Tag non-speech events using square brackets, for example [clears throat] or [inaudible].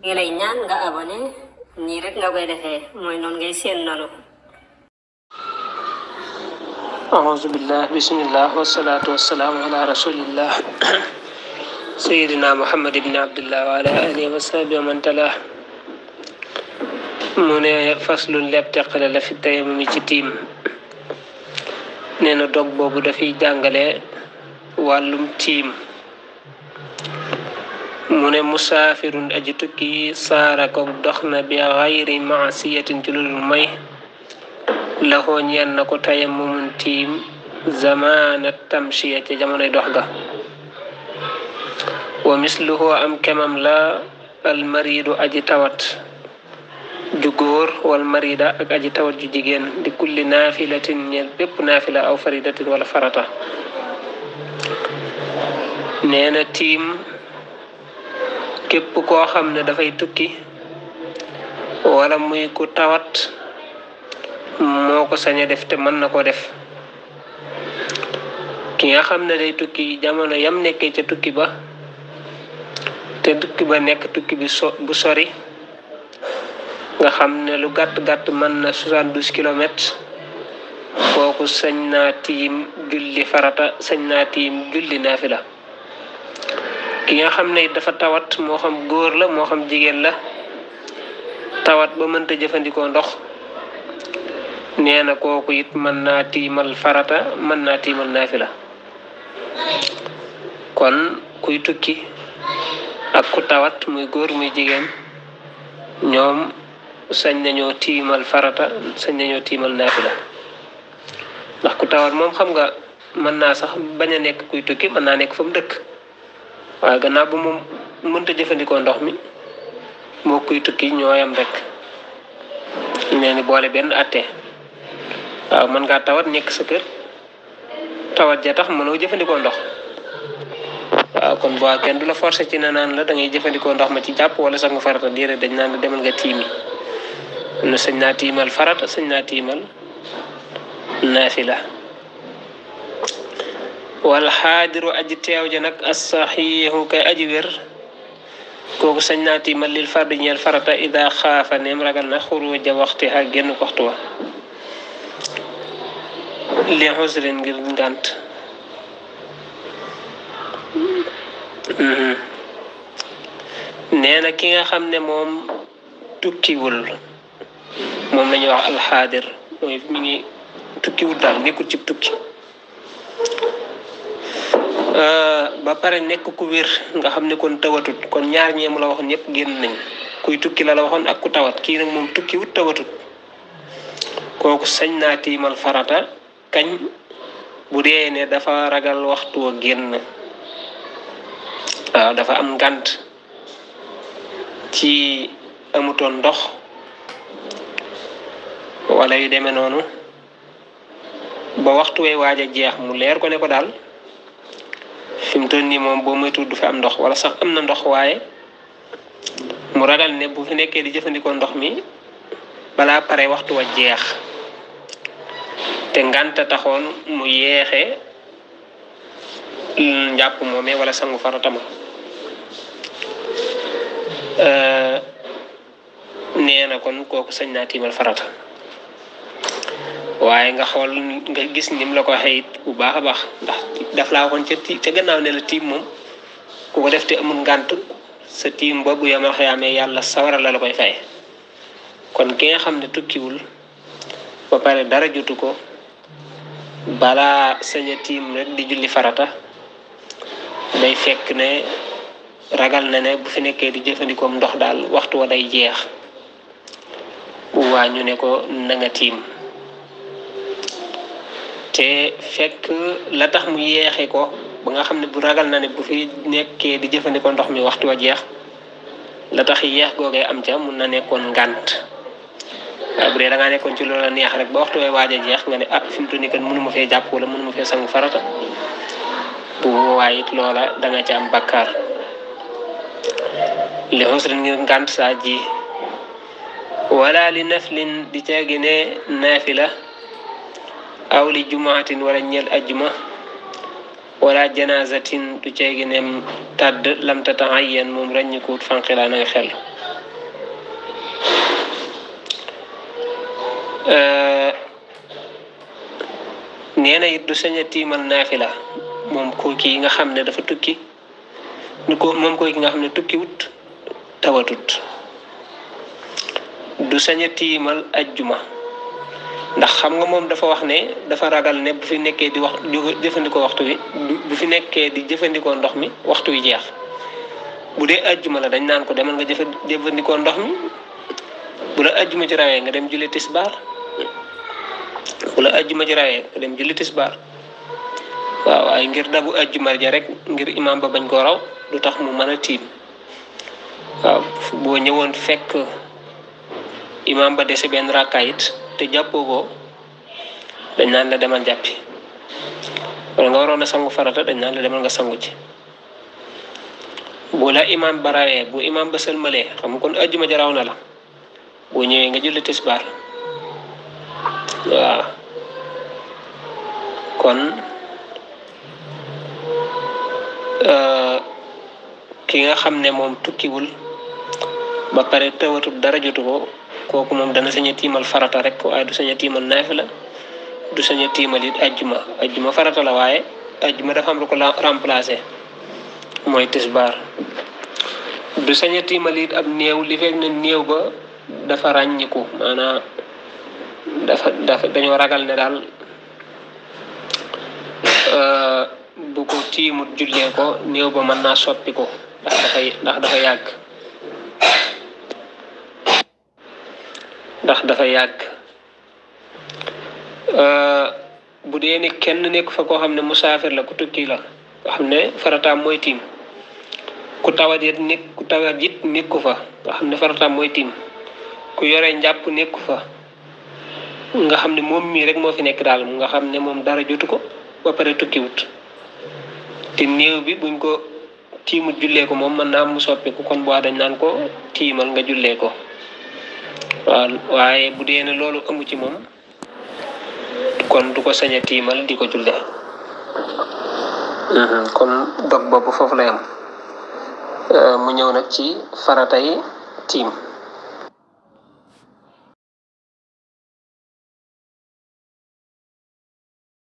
ngi lay ñaan nga abonné nii rek nga koy seen noonu ahousubillah bisimillah wasalaatu wasalaamu [clears throat] muhammad ibni abdullah wa ala alihi wa man tala mu ne faslun lépp teqale la fi tey mu ci tiim nee na dog boobu dafay jàngale wàllum tiim mu ne musaafirun aji tukki saara koog dox na bi xayri maasiyatin ci lu may laxoo ñeen na ko tayammumun tiim zamaana tamshiya ca jamonoy dox ga wa misluhu am kemam la almaridu aji tawat ju góor wal marida ak aji tawat ju jigéen di kulli naafilatin ñeel bépp naafila aw faridatin wala farata nee na képp koo xam ne dafay tukki wala muy ku tawat moo ko sañ def te mën na ko def ki nga xam ne day tukki jamono yam nekkee ca tukki ba te tukki ba nekk tukki bi so bu sori nga xam ne lu gàtt-gàtt mën na 72 douze kilomètres kooku julli farata sañ naa tiim julli naafila ki nga xam ne dafa tawat moo xam góor la moo xam jigéen la tawat ba mënta jëfandikoo ndox nee na kooku it mën naa farata mën naa tiimal naafila kon kuy tukki ak ku tawat muy góor muy jigéen ñoom sañ nañoo tiimal farata sañ nañoo tiimal nafila ndax ku tawat moom xam nga mën naa sax bañ a nekk kuy tukki mën naa nekk fa mu waaye gannaaw bu mu mënta jëfandikoo ndox mi moo kuy tukki ñooyam rek ñu ni boole benn atte waaw mën ngaa tawat nekk sa kër tawat ja tax mënoo jëfandikoo ndox waaw kon bu kenn du la forcé ci na naan la da ngay jëfandikoo ndox ma ci jàpp wala sax nga farata déedéet dañ naan la demal nga tiimi ne sëñ naa tiimal farata sëñ naa tiimal la والحاضر اجي تيو جنك الصحيح كي اجبر كوك سنياتي مال الفرد نيال فرطة إذا خاف نيم رغل نخرو جا وقتها جنو كوختوا لين حزرين جلن جانت نينا كينا خمنا موم تكي ول موم نيو الحاضر ويفميني تكي ول دار نيكو تكي Eh, ba pare nek ku wir nga xamne kon tawatut kon ñaar ñeemu la waxon ñëpp genn nañ kuy tukki la la waxon ak ku tawat nak mom tukki tukkiwut tawatut koku sañ naa farata kañ bu ne dafa ragal waxtu genn ah, dafa am gant ci amutoon ndox wala yu demee nonu ba waxtu way waja jeex mu leer ko ne ko dal fi mu toll nii moom boo moytuwul du fi am ndox wala sax am na ndox waaye mu ragal ne bu fi nekkee di jëfandikoo ndox mi balaa pare waxtu wa jeex te ngànta taxoon mu yeexe njàpp moomee wala sangu faratama euh, nee na kon kooku sañ naa tiimal farata waaye nga xool nga gis nim la ko xeyit bu baax a baax ndax daf laa waxoon ca ti ca gannaaw ne la tiim moom ku ko def te amul ngant sa tiim boobu yam a xëyaamee yàlla sawara la la koy fay kon ki nga xam ne tukkiwul ba pare dara jutu ko balaa sañ a tiim rek di julli farata day fekk ne ragal na ne bu fi nekkee di jëfandikoom ndox daal waxtu wa day jeex waa ñu ne ko na nga tiim te fekk la tax mu yeexe ko ba nga xam ne bu ragal na ne bu fi nekkee di jëfandikoo ndox mi waxtu wa jeex la tax yeex googee am ca mun na nekkoon ngant bu dee da nga nekkoon ci loola neex rek ba waxtu way waaj a jeex nga ne ah fi mu toll nii mënu ma fee jàpp wala mënu ma fee sangu farata bu boobaa it loola da nga ca am bakkaar li xusrin ngir ngànt saa ji wala li naflin di caagi ne naafila awli li walla ñel ajuma wala janazatin du ceegi nem tàdd lamta taayyan moom ràññikuut fanqilaa na nga xel nee na it du sañ a tiimal naafila moom kooki yi nga xam ne dafa tukki ni ko moom kooki nga xam ne tukki wut tawatut du sañ tiimal ajuma ndax xam nga moom dafa wax ne dafa ragal ne bu fi nekkee di wax di jëfandikoo waxtu wi bu fi nekkee di jëfandikoo ndox mi waxtu wi jeex bu dee ajjuma la dañ naan ko demal nga jëfe jëfandikoo ndox mi bu la ajjuma ci rawee nga dem julli tisbaar bu la ajjuma ci rawee nga dem julli tisbaar waaw waaye ngir dabu ajjuma ja rek ngir imam ba bañ ko raw du tax mu mën a tiim waaw boo ñëwoon fekk imam ba dese benn rakkaayit te jàppoo ko dañ naan la demal jàppi wala nga waroon a sangu farata dañ naan la demal nga sangu ci bu la imaam barawee bu imam ba sëlmalee xam kon ajjuma jaraw na la boo ñëwee nga julli waaw kon euh, ki nga xam ne moom tukkiwul ba pare tëwatul dara jotu ko kooku moom dana sañ tiimal farata rek waaye du sañ a tiimal la du sañ a tiimal it ajjuma ajjuma farata la waaye ajjuma dafa am lu ko remplacé mooy tisbaar du sañ a néew li fekk ne néew ba dafa ràññiku dafa dafa dañoo ragal ne daal euh, bu ko tiimut jullee ko néew ba mën naa soppi ndax dafa yàgg ndax dafa yàgg euh, bu dee ne kenn nekk fa koo xam ne musaafir la ku tukki la nga xam ne farataam mooy tiim ku tawat it nekk ku tawat it nekku fa nga ne farataam mooy ku yore njàpp nekku fa nga xam ne moom mii rek moo fi nekk daal nga xam ne moom dara jotu ko ba pare tukkiwut te néew bi buñ ko tiimut jullee ko moom mën naa mu soppiku kon boo dañ naan ko tiimal nga jullee ko waaw waaye bu dee na loolu amu ci moom kon du ko sañ a tiimal di ko julde mhm, kon dog boobu foofu lay am euh, mu ñëw nag ci faratay tiim